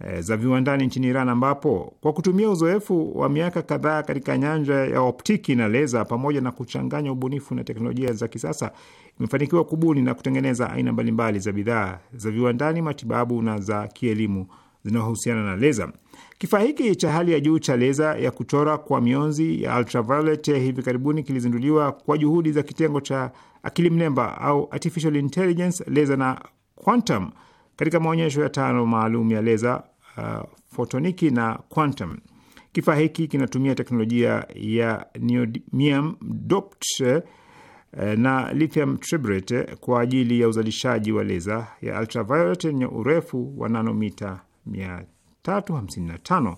Eh, za viwandani nchini Iran, ambapo kwa kutumia uzoefu wa miaka kadhaa katika nyanja ya optiki na leza pamoja na kuchanganya ubunifu na teknolojia za kisasa imefanikiwa kubuni na kutengeneza aina mbalimbali za bidhaa za viwandani, matibabu na za kielimu zinazohusiana na leza. Kifaa hiki cha hali ya juu cha leza ya kuchora kwa mionzi ya ultraviolet hivi karibuni kilizinduliwa kwa juhudi za kitengo cha akili mnemba au artificial intelligence, leza na quantum katika maonyesho ya tano maalum ya leza uh, fotoniki na quantum. Kifaa hiki kinatumia teknolojia ya neodymium doped uh, na lithium tribrate kwa ajili ya uzalishaji wa leza ya ultraviolet yenye urefu wa nanomita 355.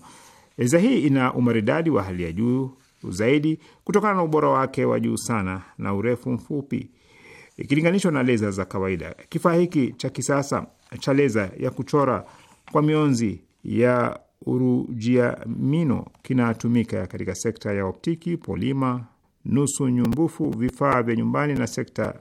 Leza hii ina umaridadi wa hali ya juu zaidi kutokana na ubora wake wa juu sana na urefu mfupi ikilinganishwa na leza za kawaida. Kifaa hiki cha kisasa chaleza ya kuchora kwa mionzi ya urujiamino kinatumika katika sekta ya optiki, polima, nusu nyumbufu, vifaa vya nyumbani na sekta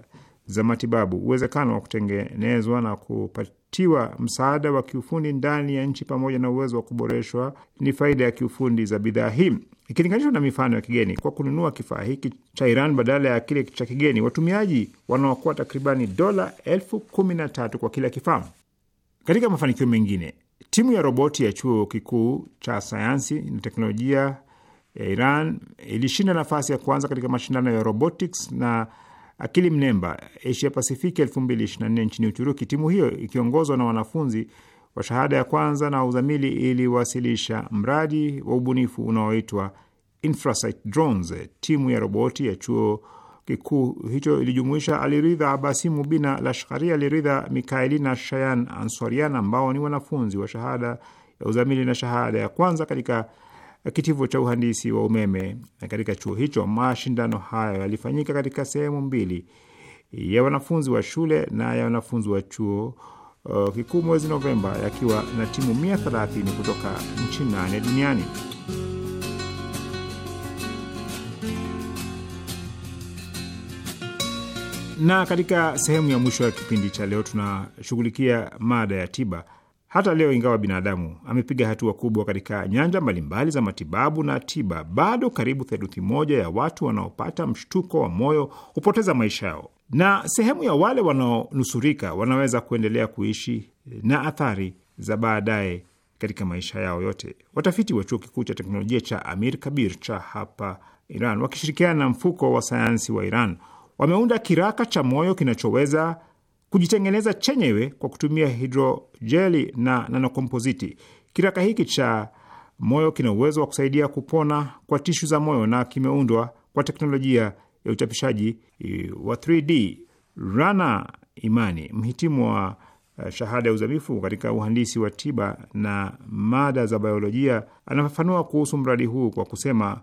za matibabu. Uwezekano wa kutengenezwa na kupatiwa msaada wa kiufundi ndani ya nchi pamoja na uwezo wa kuboreshwa ni faida ya kiufundi za bidhaa hii ikilinganishwa na mifano ya kigeni. Kwa kununua kifaa hiki cha Iran badala ya kile cha kigeni, watumiaji wanaokoa takribani dola elfu kumi na tatu kwa kila kifaa. Katika mafanikio mengine, timu ya roboti ya chuo kikuu cha sayansi na teknolojia ya Iran ilishinda nafasi ya kwanza katika mashindano ya robotics na akili mnemba Asia Pasifiki 2024 nchini Uturuki. Timu hiyo ikiongozwa na wanafunzi wa shahada ya kwanza na uzamili iliwasilisha mradi wa ubunifu unaoitwa Infrasight Drones. Timu ya roboti ya chuo kikuu hicho ilijumuisha Aliridha Abasi Mubina Lashkari, Aliridha Mikaeli na Shayan Ansorian ambao ni wanafunzi wa shahada ya uzamili na shahada ya kwanza katika kitivo cha uhandisi wa umeme katika chuo hicho. Mashindano hayo yalifanyika katika sehemu mbili, ya wanafunzi wa shule na ya wanafunzi wa chuo uh, kikuu mwezi Novemba, yakiwa na timu 130 kutoka nchi nane duniani. Na katika sehemu ya mwisho ya kipindi cha leo tunashughulikia mada ya tiba. Hata leo, ingawa binadamu amepiga hatua kubwa katika nyanja mbalimbali za matibabu na tiba, bado karibu theluthi moja ya watu wanaopata mshtuko wa moyo hupoteza maisha yao, na sehemu ya wale wanaonusurika wanaweza kuendelea kuishi na athari za baadaye katika maisha yao yote. Watafiti wa chuo kikuu cha teknolojia cha Amir Kabir cha hapa Iran wakishirikiana na mfuko wa sayansi wa Iran wameunda kiraka cha moyo kinachoweza kujitengeneza chenyewe kwa kutumia hidrojeli na nanokompoziti. Kiraka hiki cha moyo kina uwezo wa kusaidia kupona kwa tishu za moyo na kimeundwa kwa teknolojia ya uchapishaji e, wa 3D. Rana Imani, mhitimu wa e, shahada ya uzamifu katika uhandisi wa tiba na mada za biolojia, anafafanua kuhusu mradi huu kwa kusema,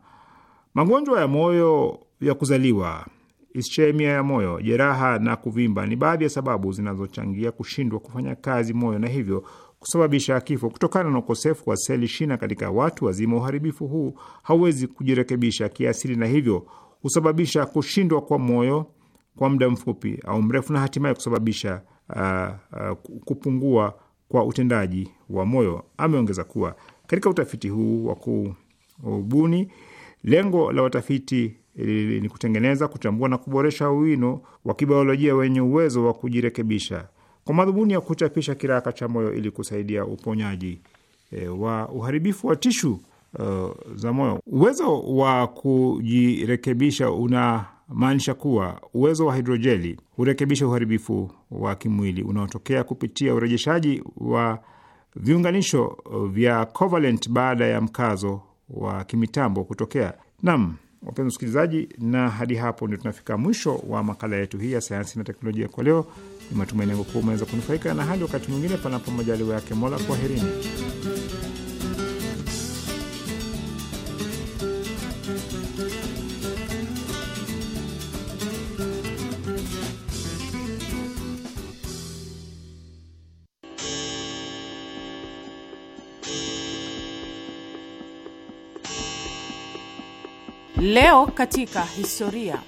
magonjwa ya moyo ya kuzaliwa ischemia ya moyo, jeraha na kuvimba ni baadhi ya sababu zinazochangia kushindwa kufanya kazi moyo na hivyo kusababisha kifo. Kutokana na ukosefu wa seli shina katika watu wazima, uharibifu huu hauwezi kujirekebisha kiasili na hivyo husababisha kushindwa kwa moyo kwa muda mfupi au mrefu na hatimaye kusababisha uh, uh, kupungua kwa utendaji wa moyo. Ameongeza kuwa katika utafiti huu wa kubuni lengo la watafiti ni kutengeneza, kutambua na kuboresha wino wa kibiolojia wenye uwezo wa kujirekebisha kwa madhumuni ya kuchapisha kiraka cha moyo ili kusaidia uponyaji e, wa uharibifu wa tishu uh, za moyo. Uwezo wa kujirekebisha unamaanisha kuwa uwezo wa hidrojeli hurekebisha uharibifu wa kimwili unaotokea kupitia urejeshaji wa viunganisho vya covalent baada ya mkazo wa kimitambo kutokea. Naam. Wapenzi wasikilizaji, na hadi hapo ndio tunafika mwisho wa makala yetu hii ya sayansi na teknolojia kwa leo. Ni matumaini yangu kuwa umeweza kunufaika, na hadi wakati mwingine, panapo majaliwa yake Mola, kwaherini. Leo katika historia.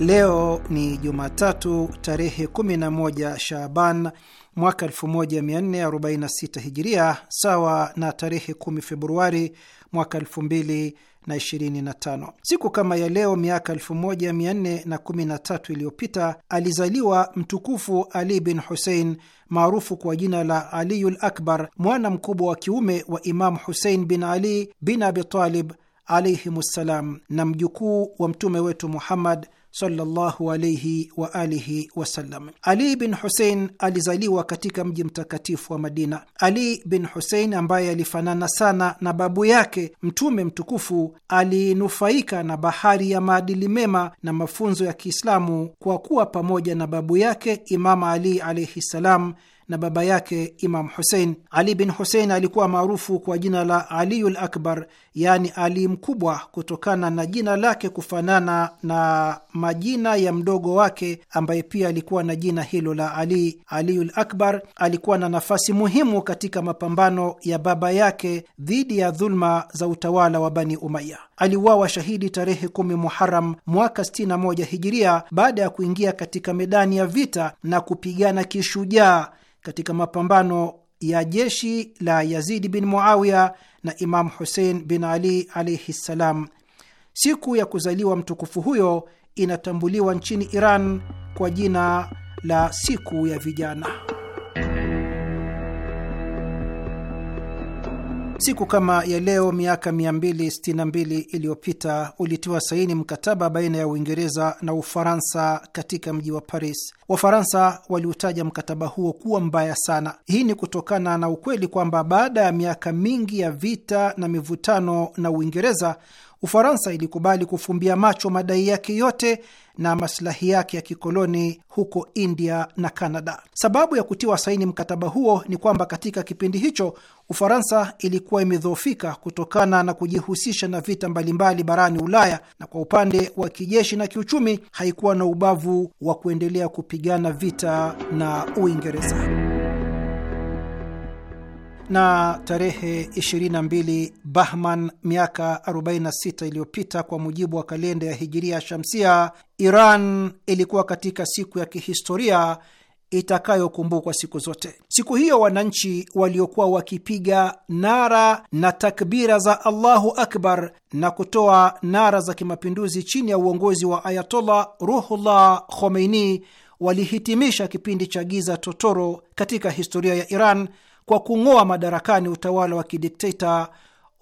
Leo ni Jumatatu tarehe 11 Shaaban mwaka 1446 Hijiria, sawa na tarehe 10 Februari mwaka 2025. Siku kama ya leo miaka 1413 iliyopita alizaliwa mtukufu Ali bin Husein maarufu kwa jina la Aliyul Akbar, mwana mkubwa wa kiume wa Imamu Husein bin Ali bin Abi Talib alaihimussalam na mjukuu wa mtume wetu Muhammad sallallahu alaihi wa alihi wasallam. Ali bin Husein alizaliwa katika mji mtakatifu wa Madina. Ali bin Husein ambaye alifanana sana na babu yake Mtume mtukufu alinufaika na bahari ya maadili mema na mafunzo ya Kiislamu kwa kuwa pamoja na babu yake Imama Ali alaihi salam na baba yake Imam Husein. Ali bin Husein alikuwa maarufu kwa jina la Aliyul Akbar, yaani Ali Mkubwa, kutokana na jina lake kufanana na majina ya mdogo wake ambaye pia alikuwa na jina hilo la Ali. Aliyul Akbar alikuwa na nafasi muhimu katika mapambano ya baba yake dhidi ya dhuluma za utawala wa Bani Umaya aliuawa shahidi tarehe kumi Muharam mwaka 61 hijiria baada ya kuingia katika medani ya vita na kupigana kishujaa katika mapambano ya jeshi la Yazidi bin Muawiya na Imamu Husein bin Ali alaihi ssalam. Siku ya kuzaliwa mtukufu huyo inatambuliwa nchini Iran kwa jina la siku ya vijana. Siku kama ya leo miaka 262 iliyopita ulitiwa saini mkataba baina ya Uingereza na Ufaransa katika mji wa Paris. Wafaransa waliutaja mkataba huo kuwa mbaya sana. Hii ni kutokana na ukweli kwamba baada ya miaka mingi ya vita na mivutano na Uingereza, Ufaransa ilikubali kufumbia macho madai yake yote na masilahi yake ya kikoloni huko India na Kanada. Sababu ya kutiwa saini mkataba huo ni kwamba katika kipindi hicho Ufaransa ilikuwa imedhoofika kutokana na kujihusisha na vita mbalimbali barani Ulaya, na kwa upande wa kijeshi na kiuchumi haikuwa na ubavu wa kuendelea kupigana vita na Uingereza na tarehe 22 Bahman miaka 46 iliyopita kwa mujibu wa kalenda ya Hijiria Shamsia, Iran ilikuwa katika siku ya kihistoria itakayokumbukwa siku zote. Siku hiyo wananchi waliokuwa wakipiga nara na takbira za Allahu akbar na kutoa nara za kimapinduzi chini ya uongozi wa Ayatollah Ruhullah Khomeini walihitimisha kipindi cha giza totoro katika historia ya Iran kwa kung'oa madarakani utawala wa kidikteta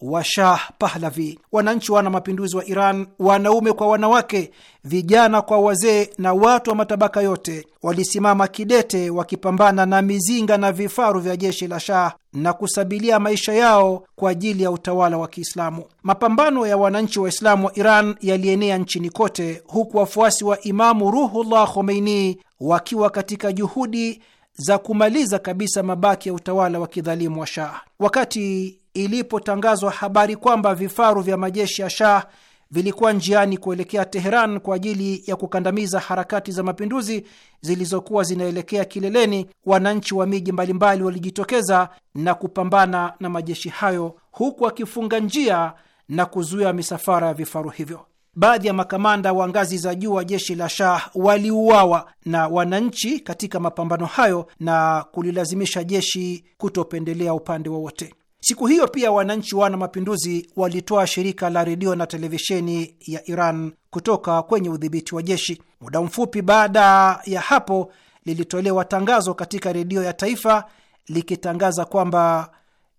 wa Shah Pahlavi. Wananchi wana mapinduzi wa Iran, wanaume kwa wanawake, vijana kwa wazee, na watu wa matabaka yote walisimama kidete, wakipambana na mizinga na vifaru vya jeshi la Shah na kusabilia maisha yao kwa ajili ya utawala wa Kiislamu. Mapambano ya wananchi Waislamu wa Iran yalienea nchini kote, huku wafuasi wa Imamu Ruhullah Khomeini wakiwa katika juhudi za kumaliza kabisa mabaki ya utawala wa kidhalimu wa Shah. Wakati ilipotangazwa habari kwamba vifaru vya majeshi ya Shah vilikuwa njiani kuelekea Teheran kwa ajili ya kukandamiza harakati za mapinduzi zilizokuwa zinaelekea kileleni, wananchi wa miji mbalimbali walijitokeza na kupambana na majeshi hayo, huku wakifunga njia na kuzuia misafara ya vifaru hivyo. Baadhi ya makamanda wa ngazi za juu wa jeshi la Shah waliuawa na wananchi katika mapambano hayo na kulilazimisha jeshi kutopendelea upande wowote. Siku hiyo pia wananchi wana mapinduzi walitoa shirika la redio na televisheni ya Iran kutoka kwenye udhibiti wa jeshi. Muda mfupi baada ya hapo, lilitolewa tangazo katika redio ya taifa likitangaza kwamba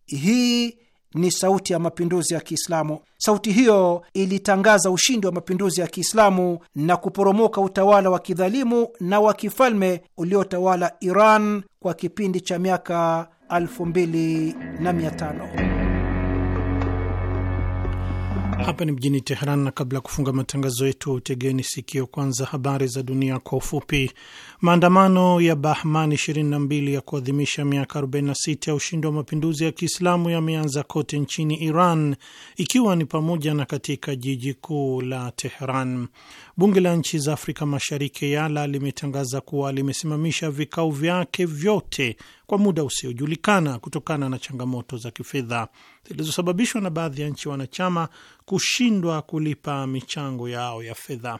hii ni sauti ya mapinduzi ya Kiislamu. Sauti hiyo ilitangaza ushindi wa mapinduzi ya Kiislamu na kuporomoka utawala wa kidhalimu na wa kifalme uliotawala Iran kwa kipindi cha miaka 2500. Hapa ni mjini Teheran, na kabla ya kufunga matangazo yetu, utegeni sikio kwanza habari za dunia kwa ufupi. Maandamano ya Bahman 22 ya kuadhimisha miaka 46 ya ushindi wa mapinduzi ya Kiislamu yameanza kote nchini Iran, ikiwa ni pamoja na katika jiji kuu la Teheran. Bunge la nchi za Afrika Mashariki YALA limetangaza kuwa limesimamisha vikao vyake vyote kwa muda usiojulikana kutokana na changamoto za kifedha zilizosababishwa na baadhi ya nchi wanachama kushindwa kulipa michango yao ya fedha.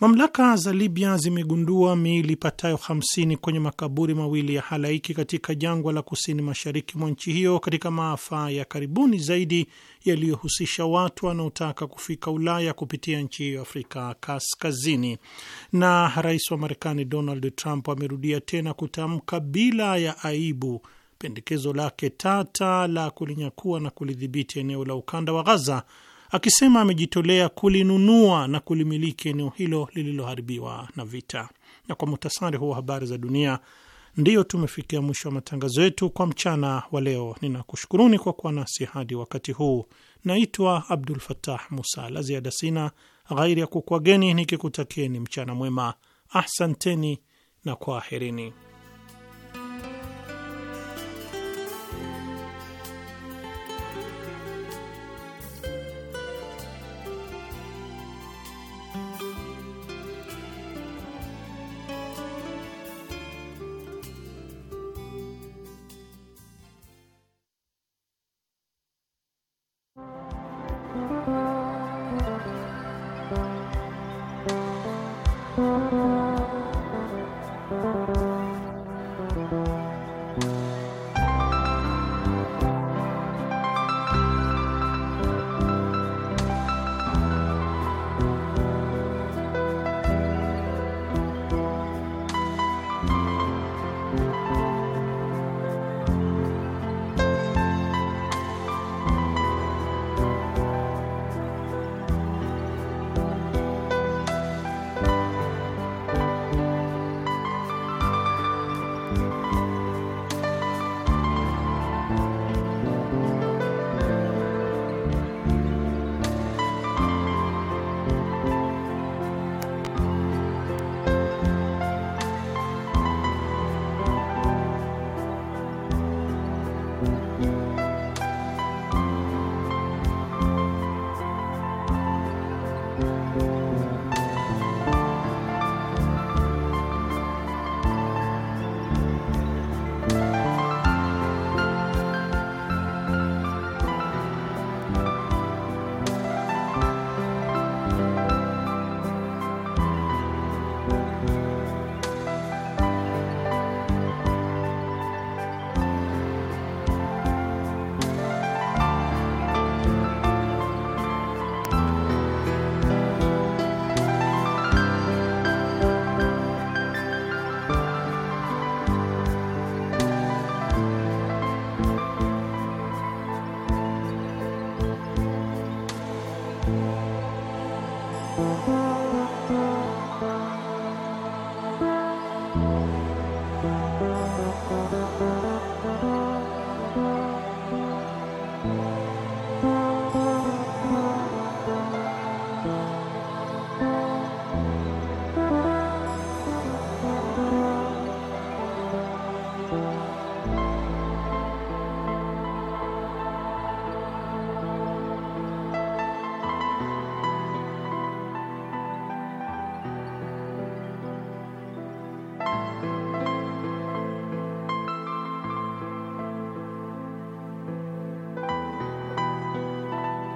Mamlaka za Libya zimegundua miili ipatayo 50 kwenye makaburi mawili ya halaiki katika jangwa la kusini mashariki mwa nchi hiyo katika maafa ya karibuni zaidi yaliyohusisha watu wanaotaka kufika Ulaya kupitia nchi hiyo Afrika Kaskazini. Na rais wa Marekani Donald Trump amerudia tena kutamka bila ya aibu pendekezo lake tata la kulinyakua na kulidhibiti eneo la ukanda wa Ghaza akisema amejitolea kulinunua na kulimiliki eneo hilo lililoharibiwa na vita. Na kwa muhtasari huo habari za dunia, ndiyo tumefikia mwisho wa matangazo yetu kwa mchana wa leo. Ninakushukuruni kwa kuwa nasi hadi wakati huu. Naitwa Abdul fatah Musa. La ziada sina ghairi ya kukwageni nikikutakieni mchana mwema. Ahsanteni na kwaherini.